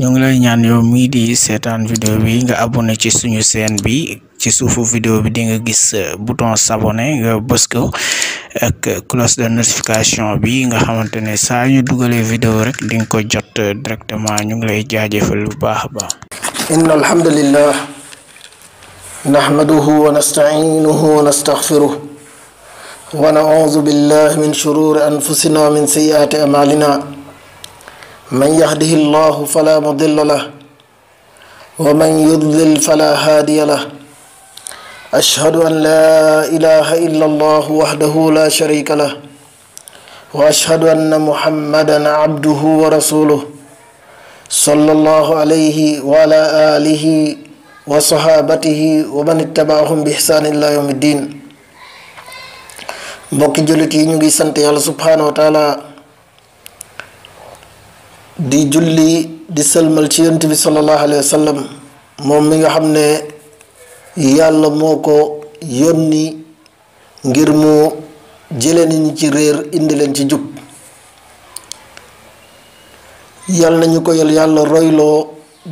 ñoo ngi lay ñaan yow mii di seetaan vidéo bi nga abonné ci suñu chaîne bi ci suufu vidéo bi di nga gis euh, bouton s'abonner nga bës ak cloche de notification bi nga xamante ne saa ñu dugalee video rek di nga ko jot euh, directement ñu ngi lay jaajëfal bu baax a baax inna alhamdulillah nahmaduhu wa nasta'inuhu wa nastaghfiruh wa na'udhu billahi min shururi anfusina min sayyiati a'malina من يهده الله فلا مضل له ومن يضلل فلا هادي له أشهد أن لا إله إلا الله وحده لا شريك له وأشهد أن محمدا عبده ورسوله صلى الله عليه وعلى آله وصحابته ومن اتبعهم بإحسان إلى يوم الدين بوكي jullit yi سانتي الله سبحانه وتعالى di julli di selmal ci yonte bi salallahu alehi wa sallam moom mi nga xam ne yàlla moo ko yónni ngir mu jële nit ñi ci réer indi leen ci jub yal nañu ko yal yàlla royloo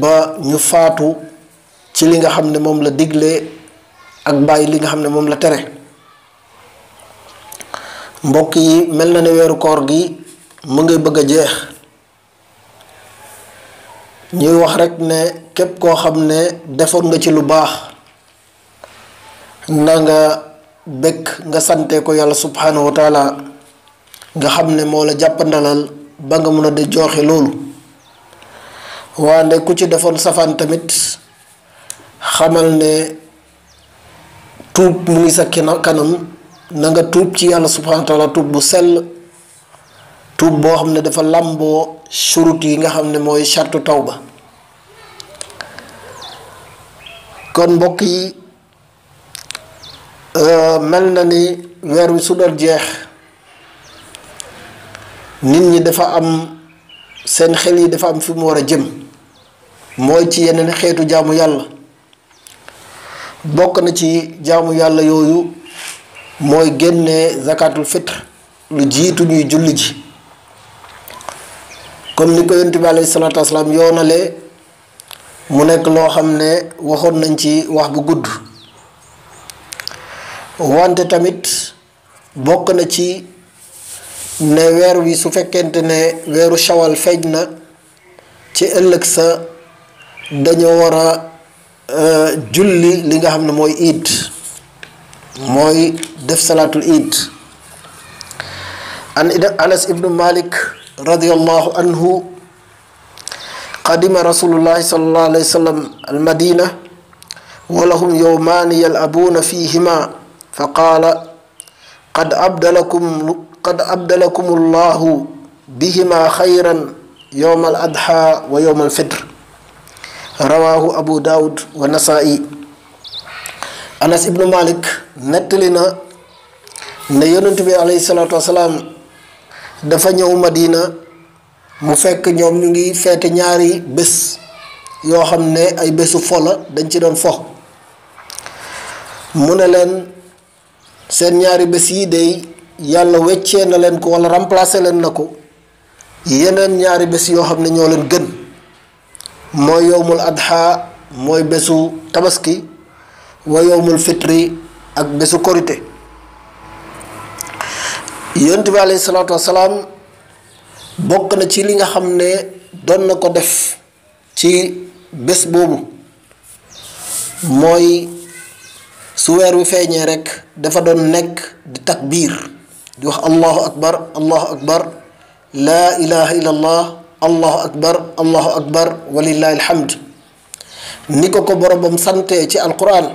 ba ñu faatu ci li nga xam ne moom la digle ak bàyyi li nga xam ne moom la tere mbokk yi mel na ne weeru koor gi mu ngay bëgg a jeex ñuy wax rekk ne képp koo xam ne defoon nga ci lu baax na nga bëgg nga sante ko yàlla subhaanahu wa nga xam ne moo la jàppandalal ba nga mun a de joxe loolu waande ku ci defoon safaan tamit xamal ne tuub mu ngi sa kanam na nga tuub ci yàlla subhaanahu wa tuub bu sell tuub boo xam ne dafa làmboo surut yi nga xam ne mooy sartu ba kon mbokk yi euh, mel na ni weer wi su doon jeex nit ñi dafa am seen xel yi dafa am fi mu war a jëm mooy ci yeneen xeetu jaamu yàlla bokk na ci jaamu yàlla yooyu mooy génne zakatul fitr lu jiitu ñuy julli ji comme ni ko yonent bi alayhi salaatu wasalaam yoonale mu nekk loo xam ne waxoon nañ ci wax bu gudd wante tamit bokk na ci ne weer wi su fekkent ne weeru shawal feeñ na ci ëllëg sa dañoo war a euh, julli li nga xam ne mooy iid mooy def salaatul iid an ibnu malik رضي الله عنه قدم رسول الله صلى الله عليه وسلم المدينة ولهم يومان يلعبون فيهما فقال قد أبدلكم قد أبدلكم الله بهما خيرا يوم الأضحى ويوم الفطر رواه أبو داود والنسائي أنس ابن مالك نتلنا ne عليه الصلاة والسلام dafa ñëw Madina mu fekk ñoom ñu ngi feete ñaari bés yoo xam ne ay bésu fola dañ ci doon fox mu ne leen seen ñaari bés yi day yàlla weccee na leen ko wala remplacer leen na ko yeneen ñaari bés yoo xam ne ñoo leen gën mooy yowmul adha mooy bésu tabaski wa yowmul fitri ak bésu korite yonent bi alayhi salaatu wasalaam bokk na ci li nga xam ne doon na ko def ci bés boobu mooy su weer wi feeñee rekk dafa doon nekk di takbiir di wax allahu akbar allahu akbar laa ilaha illallah allahu akbar allahu akbar walillahi alhamd ni ko ko boromam sante ci alquran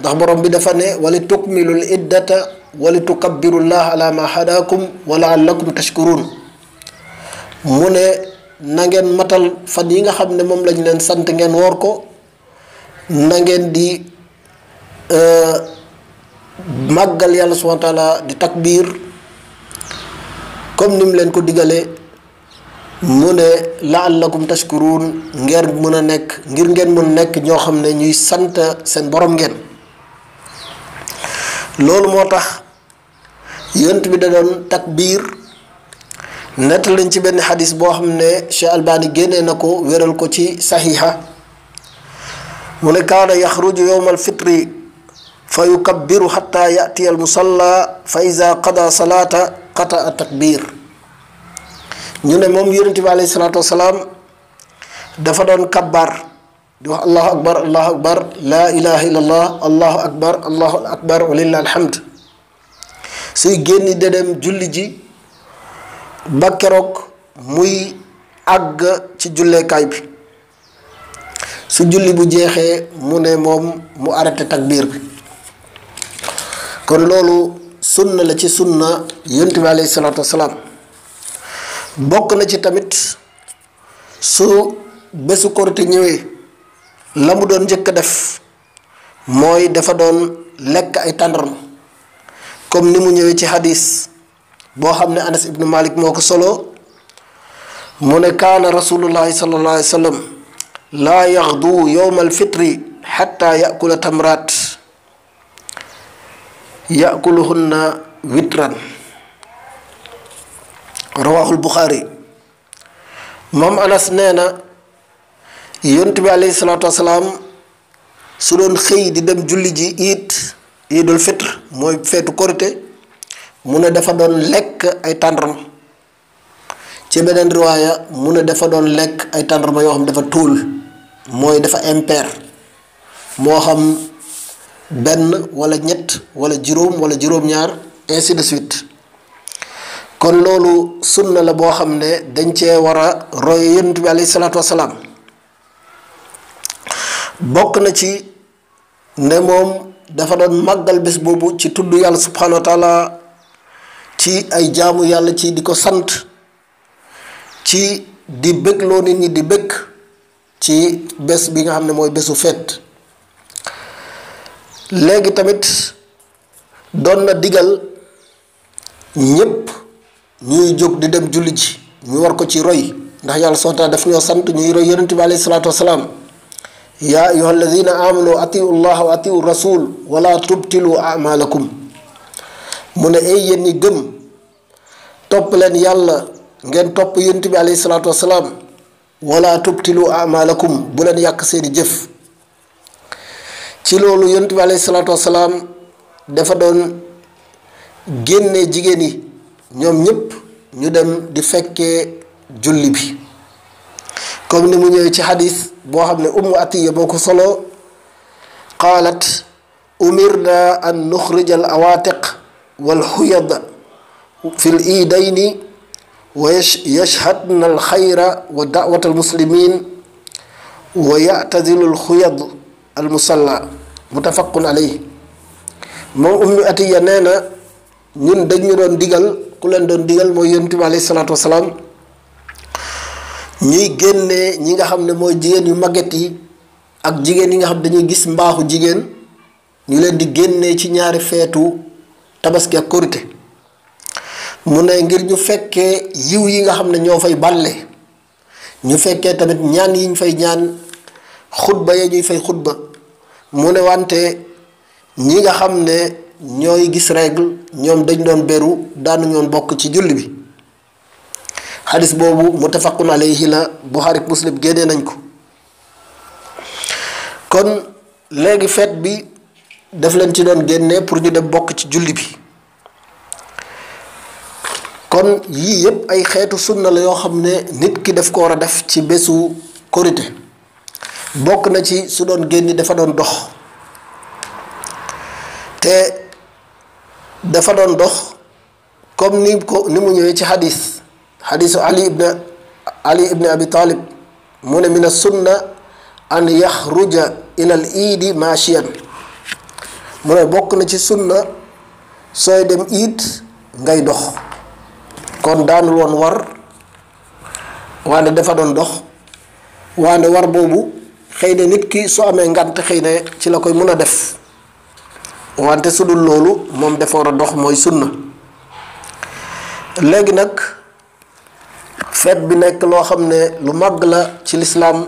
ndax borom bi dafa ne wali tukmilul iddata wali tukabbirullaah ala ma hadaakum wa laallakum tashkuruun mu ne nangeen matal fan yi nga xam ne moom lañ leen sant ngeen woor ko nangeen ngeen di e, màggal yàlla subhaana taala di takbiir comme ni mu leen ko digalee mu ne laallakum tashkuruun ngeen mën a nekk ngir ngeen mën nekk ñoo xam ne ñuy sant seen borom ngeen loolu moo tax yont bi da doon takbiir nett lañ ci benn xadis boo xam ne Cheikh Albani génnee na ko wéral ko ci saxiixa mu ne kaana yaxruju yowma alfitri fa yukabbiru xata yatiya almusalla fa ida qada salaata qataa takbiir ñu ne moom yonent bi alayhi salaatu wasalaam dafa doon kabbaar di wax allahu akbar allahu akbar laa ilaha illallah allahu akbar allahu akbar walillah alhamd suy génn da julli ji ba keroog muy àgg ci julleekaay bi su julli bu jeexee mu ne moom mu arrêté takbiir bi kon loolu sunna la ci sunna yonent bi alayhi salaatu wasalaam bokk na ci tamit su bésu korite ñëwee lamu doon njëkk def mooy dafa doon lekk ay tàndarma comme ni mu ñëwee ci hadis boo xam ne anas ibnu malik moo ko solo mu ne kaana rasulullahi sallallahu Alaihi Wasallam, sallam laa yaxdu yowma alfitri xatta yakula tamrat yakuluhunna witran rawahul al moom anas nee na yonent bi alayhi salatu wassalam su doon xey di dem julli ji iit iidul fitr moy fetu korité mu ne dafa doon lek ay tandrum ci benen riwaya mu ne dafa doon lek ay tandrum yo xam dafa tuul moy dafa imper mo xam ben wala ñet wala juroom wala juroom ñaar ainsi de suite kon lolu sunna la bo xamne dañ ci wara roy yonent bi alayhi salatu wassalam bokk na ci ne moom dafa doon màggal bés boobu ci tudd yàlla subhanahu wa ci ay jaamu yàlla ci di ko sant ci di bégloo nit ñi di bëgg ci bés bi nga xam ne mooy bésu feet léegi tamit doon na digal ñépp ñuy jóg di dem julli ji ñu war ko ci roy ndax yàlla soo wa daf ñoo sant ñuy roy yonent bi alayhi salaatu wasalaam yaa ayyuha alladina amanu atiu llah wa atiu rasul wala tubtilu amalakum mu ne ay yéen ñi gëm topp leen yàlla ngeen topp yonent bi alayhi salaatu wasalaam wala tubtilu amalakum bu leen yàq seeni jëf ci loolu yonent bi alayhi salaatu wasalaam dafa doon génne jigéen yi ñoom ñëpp ñu dem di fekkee julli bi comme ni mu ñëwee ci xadis boo xam ne ummu atiya boo ko solo qaalat umirna an nuxrija al awaatiq wal xuyad fi l iidayni wa yashhadna al atiya nee ñun dañ doon digal ku leen doon digal mooy yonent bi alayhi salaatu wasalaam ñuy génne ñi nga xam ne mooy jigéen yu màgget yi ak jigéen yi nga xam ne dañuy gis mbaaxu jigéen ñu leen di génnee ci ñaari feetu tabaski ak korite mu ne ngir ñu fekkee yiw yi nga xam ne ñoo fay bàlle ñu fekkee tamit ñaan yi ñu fay ñaan xutba ya ñuy fay xutba mu ne wante ñi nga xam ne ñooy gis règle ñoom dañ doon beru daanu ñoon bokk ci julli bi xadis boobu mu muttafaqun alayhi la Buxaari Muslim génne nañ ko kon léegi feet bi daf leen ci doon génne pour ñu dem bokk ci julli bi kon yii yépp ay xeetu sunna la yoo xam ne nit ki daf ko war a def ci bésu korite bokk na ci su doon génne dafa doon dox te dafa doon dox comme ni ko ni mu ñëwee ci xadis xadiisu ali ibn ali ibn abi talib mu ne min sunna an yaxruja ila al iidi machiyan mu ne bokk na ci sunna sooy dem iid ngay dox kon daanul woon war waande dafa doon dox waande war boobu xëy na nit ki su amee ngànt xëy na ci la koy mun a def wante su dul loolu moom dafa war dox mooy sunna léegi nag feet bi nekk loo xam ne lu màgg la ci lislaam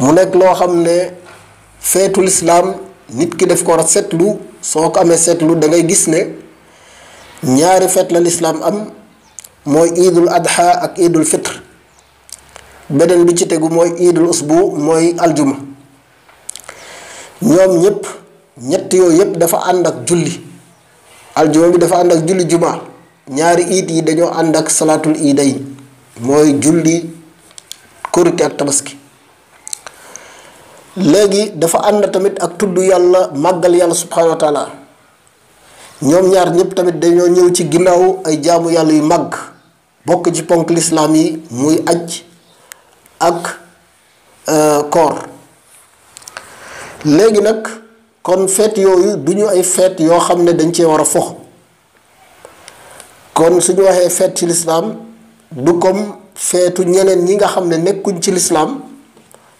mu nekk loo xam ne feetu lislaam nit ki def ko war seetlu soo ko amee seetlu dangay gis ne ñaari feet la lislaam am mooy iidul adha ak iidul fitr beneen bi ci tegu mooy iidul usbu mooy aljuma ñoom ñépp ñett yooyu yépp dafa ànd ak julli aljuma bi dafa ànd ak julli jumaa ñaari iid yi dañoo ànd ak salaatul iidayn mooy julli korite ak tabaski léegi dafa ànd tamit ak tudd yàlla màggal yàlla subhanahu ñoom ñaar ñëpp tamit dañoo ñëw ci ginnaaw ay jaamu yàlla yu màgg bokk ci ponk lislaam yi muy aj ak euh, koor léegi nag kon feet yooyu duñu ay feet yoo xam ne dañ cee war a fox kon su suñu waxee feet ci lislaam du comme feetu ñeneen ñi nga xam ne nekkuñ ci lislaam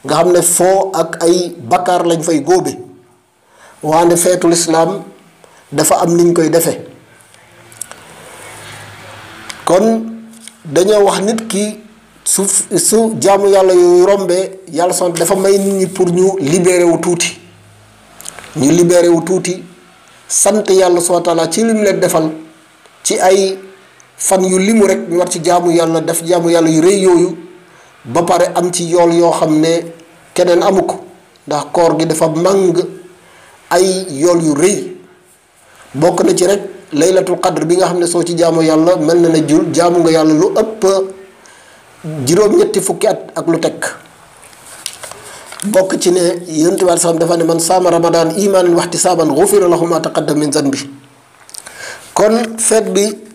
nga xam ne foo ak ay bakkaar lañ fay góobe waande feetu lislaam dafa am niñ koy defe kon dañoo wax nit ki su su jaamu yàlla yooyu rombee yàlla son dafa may nit ñi pour ñu libéré wu tuuti ñu libéré wu tuuti sant yàlla subhaanahu wa ci lim leen defal ci ay fan yu limu rek ñu war ci jaamu yàlla def jaamu yàlla yu rëy yooyu ba pare am ci yool yoo xam ne keneen amu ko ndax koor gi dafa màng ay yool yu rëy bokk na ci rek laylatul qadr bi nga xam ne soo ci jaamu yàlla mel na ne jul jaamu nga yàlla lu ëpp juróom-ñetti fukki at ak lu teg bokk ci ne yonent bi salaam dafa ne man saama ramadaan imaanan waxtisaaban xufira lahu ma taqaddam min zanbi kon feet bi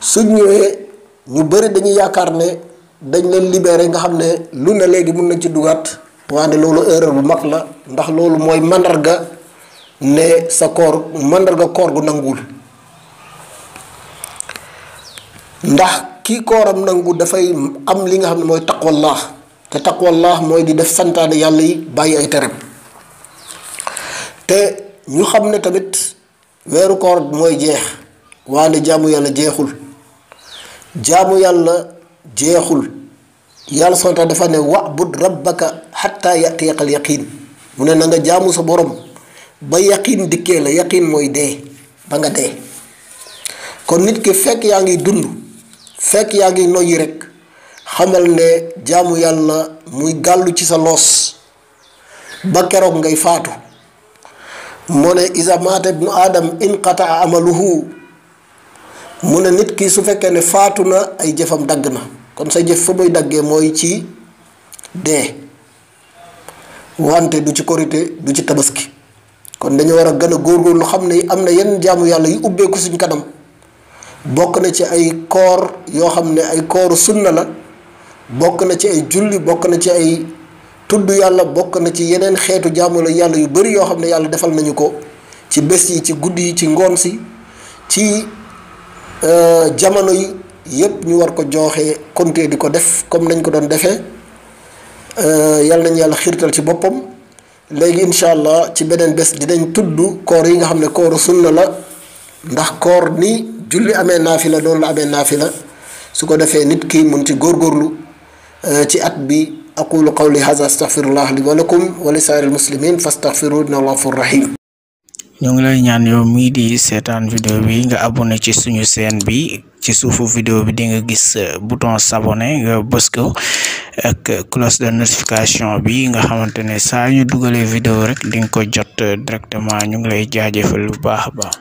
su ñëwee ñu bëri dañuy yaakaar ne dañ leen libéré nga xam ne lu ne léegi mun nañ ci dugaat waande loolu erreur bu mag la ndax loolu mooy màndarga ne sa koor màndarga koor gu nanguwul ndax kii kooram nangu dafay am li nga xam ne mooy taqwallah te takk taqwallah mooy di def santaane yàlla yi bàyyi ay terem te ñu xam ne tamit weeru koor mooy jeex waande jàmm yàlla jeexul jaamu yàlla jeexul yàlla sonta dafa ne wa'bud rabbaka xatta yatiyaqal yaqiin mu ne na nga jaamu sa boroom ba yaqiin dikkee la yaqiin mooy dee ba dee kon nit ki fekk yaa ngi dund fekk yaa ngi noyyi rek xamal ne jaamu yàlla muy gàllu ci sa loos ba keroog ngay faatu moo ne isa maata ibnu aadam inqataa amaluhu mu ne nit kii su fekkee ne faatu na ay jëfam dagg na kon sa jëf fa muy daggee mooy ci dee wante du ci korité du ci tabaski kon dañu war a gën a góor góorgóorlu xam ne am na yenn jaamu yàlla yu ubbeeku suñ kanam bokk na ci ay koor yoo xam ne ay kooru sunna la bokk na ci ay julli bokk na ci ay tudd yàlla bokk na ci yeneen xeetu jaamu la yàlla yu bari yoo xam ne yàlla defal nañu ko ci bés yi ci guddi yi ci ngoon si ci Euh, jamono yi yépp ñu war ko jooxee compté di ko def comme nañ ko doon defee euh, yal nañu yàlla xiirtal ci boppam léegi incha allah ci beneen bés dinañ tudd koor yi nga xam ne kooru sunna la ndax koor ni julli amee naafila doon la amee naafila su ko defee nit ki mun ci góorgóorlu euh, ci at bi aqulu qawli hadha astaghfirullah li wa lakum wa li saa'iril muslimin fastaghfiruhu innahu ghafurur rahim ñu ngi lay ñaan yow mii di seetaan vidéo bi nga abonné ci suñu chaîne bi ci suufu vidéo bi di nga gis euh, bouton s'abonner nga bës ko ak cloche de notification bi nga xamante ne saa ñu dugalee vidéo rek di nga ko jot euh, directement ñu ngi lay jaajëfal bu baax a baax